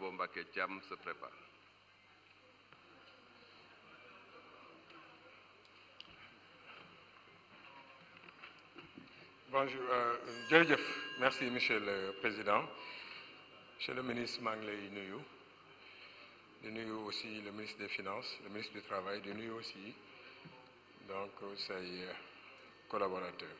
Abo Mbacké Thiam se prépare. Bonjour euh, jërëjëf merci monsieur le président monsieur le ministre maa ngi lay nuyu di nuyu aussi le ministre des finances le ministre du travail di nuyu aussi donc say euh, collaborateurs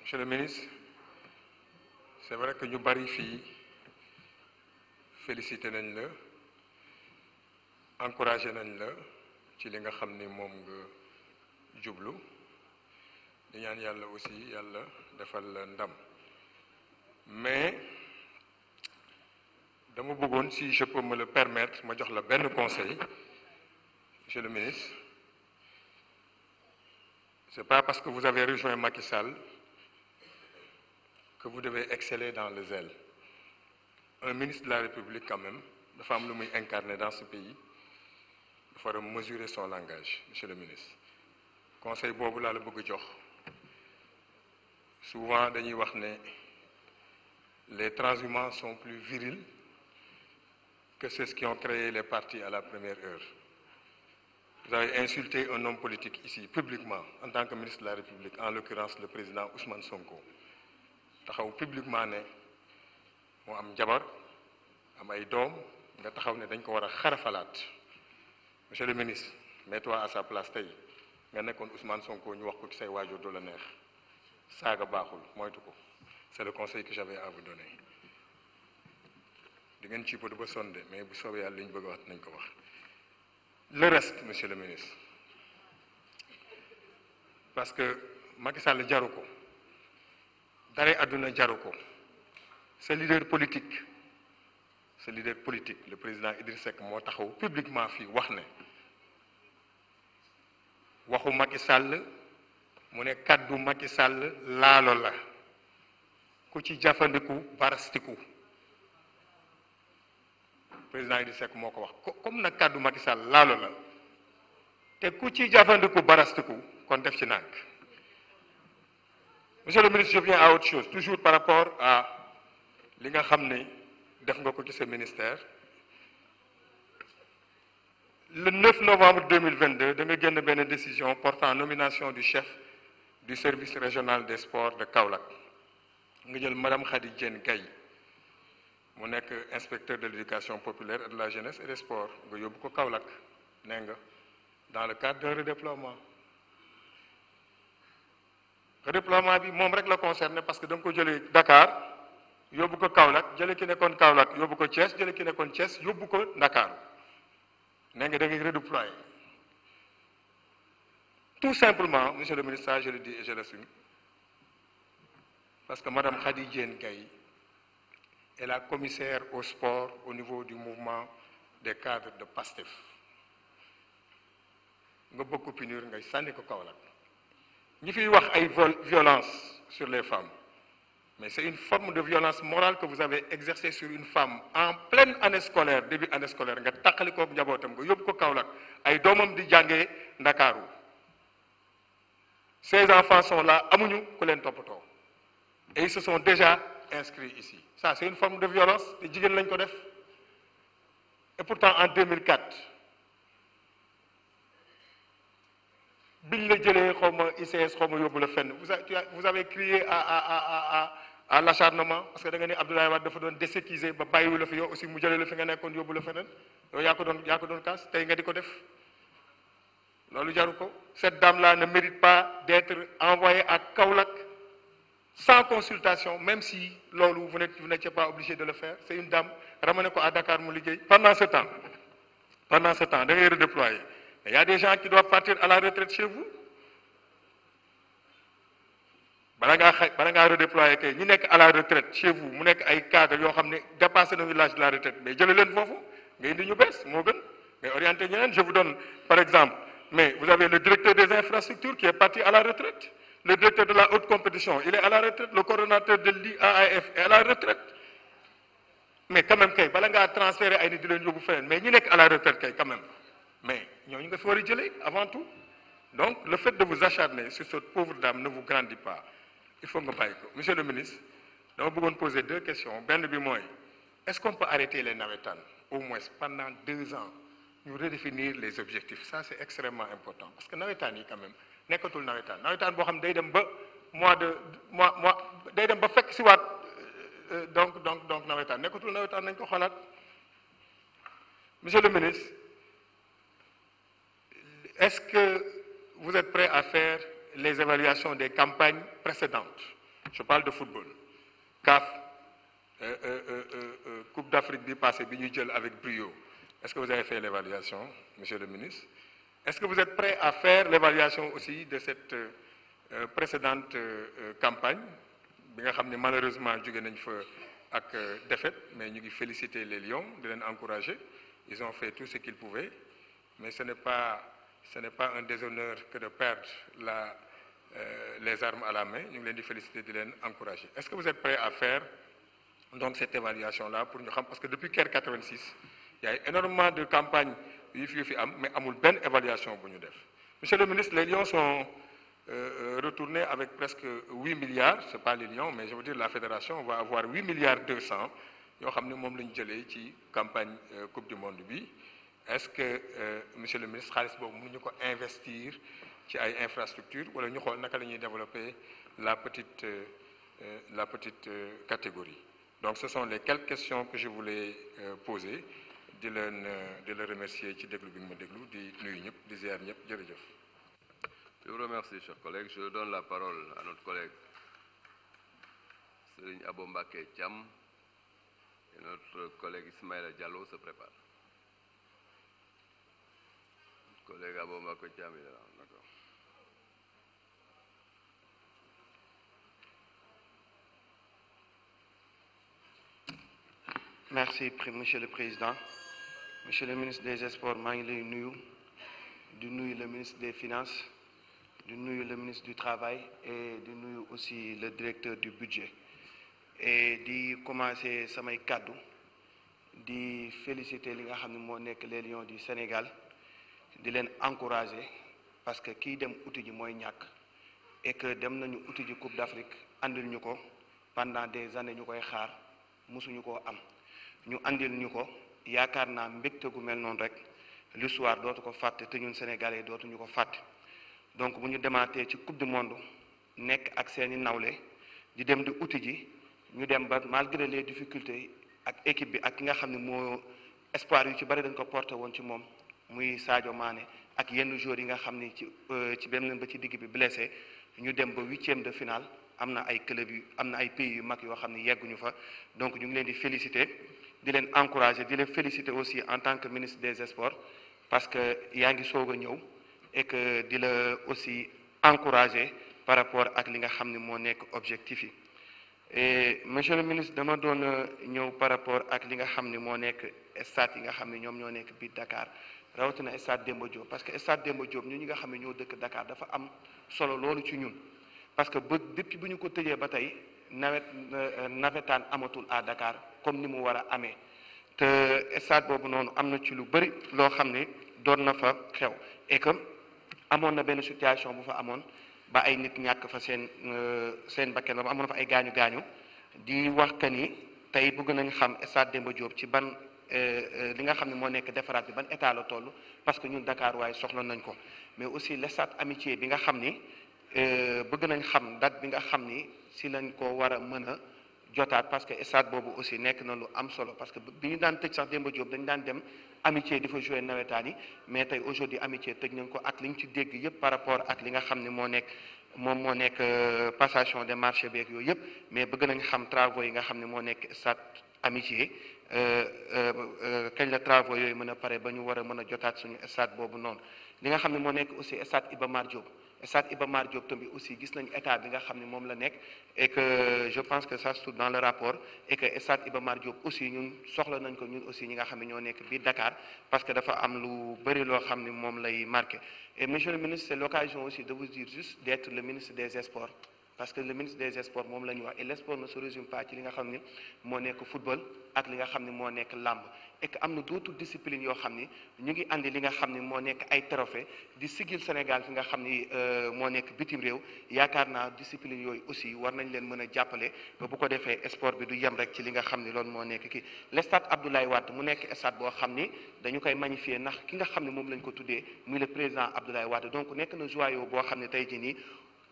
monsieur le ministre c'est vrai que ñu bari fii. félicité nañ la encouragé nañ la ci li nga xam ni moom nga jublu di ñaan yàlla aussi yàlla defal la ndam mais dama bëggoon si je peux me le permettre ma jox la benn conseil monsieur le ministre c'est pas parce que vous avez rejoint Macky que vous devez exceller dans le zèle un ministre de la République quand même dafa am lu muy incarner dans ce pays dafa war a mesurer son langage monsieur le ministre conseil boobu laa la bëgg jox souvent dañuy wax ne les transhumants sont plus virils que ceux qui ont créé les partis à la première heure vous avez insulté un homme politique ici publiquement en tant que ministre de la République en l'occurrence le président Ousmane Sonko taxaw publiquement ne moo am njabar am ay doom nga taxaw ne dañ ko war a xarafalaat monsieur le ministre mets-toi à sa place tey nga nekkoon Ousmane Sonko ñu wax ko ci say waajur doo la neex saaga baaxul moytu ko c'est le conseil que j'avais donner di ngeen ciipadu ba sonde mais bu soobee yàlla li ñu bëgg a wax nañ ko wax le reste monsieur le ministre parce que Macky Sall jaru ko dara àdduna jaru ko ce leader politique ce leader politique le président Idrissa Seck moo taxaw publiquement fii wax ne waxu Macky Sall mu ne kàddu Macky Sall laalo la ku ci jafandiku barastiku président Idrissa Seck moo ko wax comme nag kàddu Macky Sall laalo la te ku ci jafandiku barastiku kon def ci nànk monsieur le ministre je à autre chose toujours par rapport à li nga xam ne def nga ko ci sa ministère le 9 novembre 2022 da nga génn benn décision portant nomination du chef du service régional des sports de Kaolack nga jël madame Khady Diène Gaye mu nekk inspecteur de l'éducation populaire et de la jeunesse et des sports nga yóbbu ko Kaolack nee nga dans le cadre d'un redéploiement redéploiement bi moom rek la concerné parce que da nga ko jëlee Dakar yóbbu ko Kaolack jële ki nekkoon Kaolack yóbbu ko Thiès jële ki nekkoon Thiès yóbbu ko Ndakaaru nee nga da ngay redéployer tout simplement monsieur le ministre ça je le dis et parce que madame Khady kay Gaye est la commissaire au sport au niveau du mouvement des cadres de PASTEF nga bëgg ko ngay sànni ko Kaolack ñi fiy wax ay violence sur les femmes mais c'est une forme de violence morale que vous avez exercée sur une femme en pleine année scolaire début année scolaire nga taqali kook njabootam nga yóbbu ko Kaolack ay doomam di jàngee Ndakaaru ces enfants sont là amuñu ku leen toppatoo et ils se sont déjà inscrits ici ça c'est une forme de violence te jigéen lañ ko def et pourtant en 2004 biñ la jëlee xaw ma ICS xaw ma yóbbu la fenn vous avez crié à à à à. à l'acharnement parce que da nga ne Abdoulaye Wade dafa doon déséquiser ba bàyyiwu la fi yow aussi mu jëlee la fi nga nekkoon yóbbu la feneen yow yaa ko doon yaa ko doon kaas tey nga di ko def loolu jaru ko cette dame là ne mérite pas d'être envoyée à Kaolack sans consultation même si loolu vous n'êtes vous n'étiez pas obligé de le faire c'est une dame ramené ko à Dakar mu liggéey pendant ce temps pendant ce temps da ngay redéployer il des gens qui doivent partir à la retraite bala ngaa xa bala ngaa redéployer kay ñi nekk à la retraite chez vous mu nekk ay cadres yoo xam ne dépassé nañu l'âge de la retraite mais jële leen foofu nga indi ñu bees moo gën orienté je vous donne par exemple mais vous avez le directeur des infrastructures qui est parti à la retraite le directeur de la haute compétition il est à la retraite le coordonnateur de l'IAAF est à la retraite mais quand même kay bala ngaa transférer ay nit di leen yóbbu feneen mais nekk à mais ñooñu nga fi war a jëlee avant tout le fait de vous acharner sur cette pauvre il faut nga bàyyi ko monsieur le ministre dama bëggoon poser deux questions bi mooy est-ce peut arrêter les navétanes au moins pendant deux ans ñu redéfinir les objectifs ça c'est extrêmement important parce que navétanes yi quand même nekkatul navétane navétane boo xam ne day dem ba mois de mois mois day dem ba fekk si waat euh, euh, donc donc donc nawetaan nekkatul nawetaan nañ ko xoolaat monsieur le ministre est-ce que vous êtes prêt à faire les évaluations des campagnes précédentes. Je parle de football. CAF, euh euh, euh, euh, euh, Coupe d'Afrique bi passé bi ñu jël avec brio. Est-ce que vous avez fait l'évaluation, monsieur le ministre? Est-ce que vous êtes prêt à faire l'évaluation aussi de cette euh, précédente campagne bi nga xam ne malheureusement jóge nañ fa ak défaite mais ñu ngi féliciter les Lions di leen encourager ils ont fait tout ce qu'ils pouvaient mais ce n'est pas ce n'est pas un déshonneur que de perdre la Euh, les armes à la main ñu ngi leen di féliciter di leen encourager est-ce que donc cette évaluation pour ñu xam parce que depuis Caire 86 y a énormément de campagnes yu fi yu am mais amul benn évaluation bu ñu def monsieur le ministre les lions sont euh, euh retournés avec presque 8 milliards c'est pas les mais je veux dire la fédération va avoir 8 milliards yoo xam ne moom la ñu jëlee ci campagne euh, coupe du monde bi est-ce que euh, monsieur le ministre xaalis boobu mu mënuñu ko investir ci ay infrastructures wala ñu xool naka la ñuy développer la petite euh, euh, la petite catégorie donc ce sont les quelques questions que je voulais poser di leen di la remercier ci déglu bi ma déglu di nuyu ñëpp di ziar ñëpp jërëjëf. je vous remercie chers collègues je donne la parole à notre collègue Serigne Abo Mbacké Thiam et notre collègue Ismaïla Diallo se prépare. kolega Bombako Chamila, d'accord. merci monsieur le président monsieur le ministre des sports maa ngi lay nuyu di nuyu le ministre des finances di nuyu le ministre du travail et di nuyu aussi le directeur du budget et di commencer samay kàddu di féliciter li nga xam ne moo nekk les lions du Sénégal di leen encourager parce que kii dem uti ji mooy ñàkk et que dem nañu uti ji Coupe d'Afrique andil ñu ko pendant des années ñu koy xaar mosuñu koo am ñu andil ñu ko yaakaar naa mbégte gu mel noonu rek l'histoire dootu ko fàtte te ñun Sénégalais dootuñu ko fàtte donc bu ñu demaatee ci coupe du monde nekk ak seeni nawle di dem di uti ji ñu dem ba malgré les difficultés ak équipe bi ak ki nga xam ne moo espoir yu ci bari dañ ko porté woon ci moom muy Sadio maane ak yenn joueurs yi nga xam ni ci euh, ci benn ba ci digg bi blessé ñu dem ba huitième de finale am na ay club yu am na ay pays yu mag yoo xam ni yegguñu fa donc ñu ngi leen di féliciter di leen encourager di leen féliciter aussi en tant que ministre des sports parce que yaa ngi soog a ñëw et que di la aussi encourager par rapport ak li nga xam ni moo nekk objectif yi et monsieur le ministre dama doon euh, ñëw par rapport ak li nga xam ni moo nekk stade yi xam ni ñoom ñoo nekk biir Dakar rawatina stade Demba Diop parce que stade Demba Diop ñu ñi nga xam ne ñoo dëkk Dakar dafa am solo loolu ci ñun parce que ba depuis bu ñu ko tëjee ba tey nawet euh, nawetaan amatul à dakaar comme ni mu war a amee te stade boobu noonu am na ci lu bëri loo xam ne doon na fa xew et que amoon na benn situation bu fa amoon ba ay nit ñàkk fa seen euh, seen bakkan ba amoon na fa ay gaañu gaañu di wax que ni tey bëgg nañ xam stade Demba Diop ci ban. Euh, euh, li nga xam ne moo nekk defaraat bi ban état la toll parce que ñun Dakar waaye soxla nañ ko mais aussi sat Amitié bi nga xam ni euh, bëgg nañ xam date bi nga xam ni si lañ ko war a mën a jotaat parce que stade boobu aussi nekk na lu am solo parce que bi ñu daan tëj sax Demba Diop dañu daan dem amitié di fa jouer nawetaan yi mais tey aujourd'hui amitier tëj nañ ko ak li ñu ci dégg yëpp par rapport ak li nga xam ne moo nekk moom moo nekk passation de marché beeg yooyu yëpp mais bëgg nañ xam travaux yi nga xam ne moo nekk stade amitié Euh, euh, euh, kañ la travaux yooyu mën a pare ba ñu war mën a jotaat suñu stade boobu noonu li nga xam ne moo nekk aussi stade Iba Mar Diop stade Iba Mar aussi gis nañu état bi nga xam ne moom la nekk et que je pense que ça se trouve dans le rapport et que stade Iba Mar aussi ñun soxla nañ ko ñun aussi ñi nga xam ne ñoo nekk biir dakaar parce que dafa am lu bëri loo xam ne moom lay marqué et monsieur le ministre c'est l'occasion aussi de vous dire juste d'être le ministre des sports parce que le ministre des sports moom la wax et le sport ne se résume pas ci moo nekk football ak li nga xam ni moo nekk làmb et que am na dootu discipline yoo xam ni ñu ngi andi li nga xam ni moo nekk ay trophée Sénégal fi nga xam ni euh, moo nekk bitim réew yaakaar naa discipline yooyu aussi war nañ leen mën a jàppale ba bu ko defee sport bi du yem rek ci li nga xam ni loolu moo nekk kii le stade Abdoulaye Wade mu nekk stade boo xam ni dañu koy magnifier ndax ki nga xam ne moom lañ ko tuddee muy le président Abdoulaye Wade donc nekk na joyau boo xam ne tey jii nii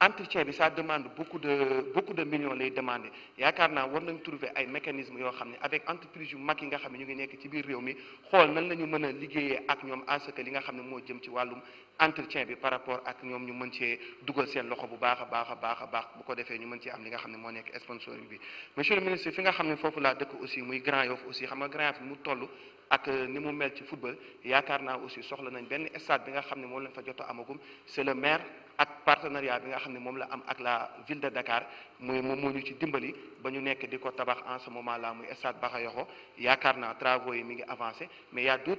entretien bi ça demande beaucoup de beaucoup de millions lay demande yaakaar naa war nañ trouver ay mécanismes yoo xam ne avec entreprise yu mag yi nga xam ne ñu ngi nekk ci biir réew mi xool ñu mën a ak ñoom à ce que li nga xam ne moo jëm ci wàllum entretien bi par rapport ak ñoom ñu mën cee dugal seen loxo bu baax a baax a baax a baax bu ko defee ñu mën cee am li nga xam ne moo nekk sponsoring bi monsieur le ministre fi nga xam ne foofu laa dëkk aussi muy Grand Yoff aussi xam nga Grand Yoff mu toll ak euh, ni mu mel ci football yaakaar naa aussi soxla nañ benn stade bi nga xam ne moom lañ fa jot a amagum c'est ak partenariat bi nga xam ne moom la am ak la ville de Dakar muy moom moo ñu ci dimbali ba ñu nekk di ko tabax en ce moment là muy stade Bakayoko yaakaar naa travaux yi mi ngi avancé mais y a yoo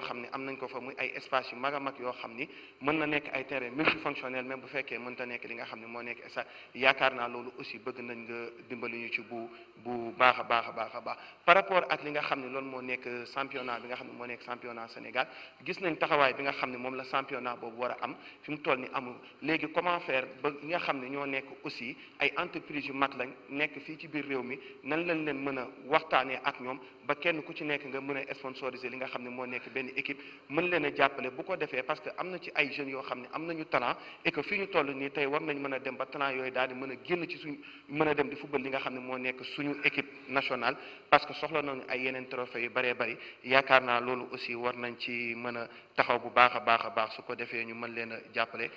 xam ne am nañ ko fa muy ay espace yu mag mag yoo xam ni mën na nekk ay terrains multifonctionnels même bu fekkee mën ta nekk li nga xam ne moo nekk stade yaakaar naa loolu aussi bëgg nañ nga ñu ci bu bu baax a baax a baax a baax par rapport ak li nga xam ne loolu moo nekk championnat bi nga xam moo nekk championnat Sénégal gis nañ taxawaay bi nga xam ne moom la championnat boobu war a am fi mu toll ni amul léegi comment faire ba nga xam ne ñoo nekk aussi ay entreprise yu mag lañ nekk fii ci biir réew mi nan lañ leen mën a waxtaanee ak ñoom ba kenn ku ci nekk nga mën a sponsoriser li nga xam ne moo nekk benn équipe mën leen a jàppale bu ko defee parce que am na ci ay jeunes yoo xam ne am nañu talent et que fii ñu toll nii tey war nañ mën a dem ba talent yooyu daal di mën a génn ci suñ mën a dem di football li nga xam ne moo nekk suñu équipe nationale parce que soxla nañu ay yeneen trophées yu bëree bëri yaakaar naa loolu aussi war nañ ci mën a taxaw bu baax a baax a baax su ko defee ñu mën leen a jàppale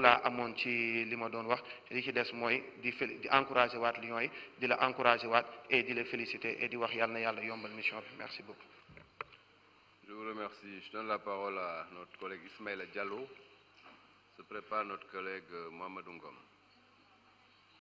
loolu amoon ci li ma doon wax li ci des mooy di féli di encouragé waat Lions yi di la encouragé waat et di la félicité et di wax yàlla na yàlla yombal mission bi merci beaucoup. Je vous remercie. Je donne la parole à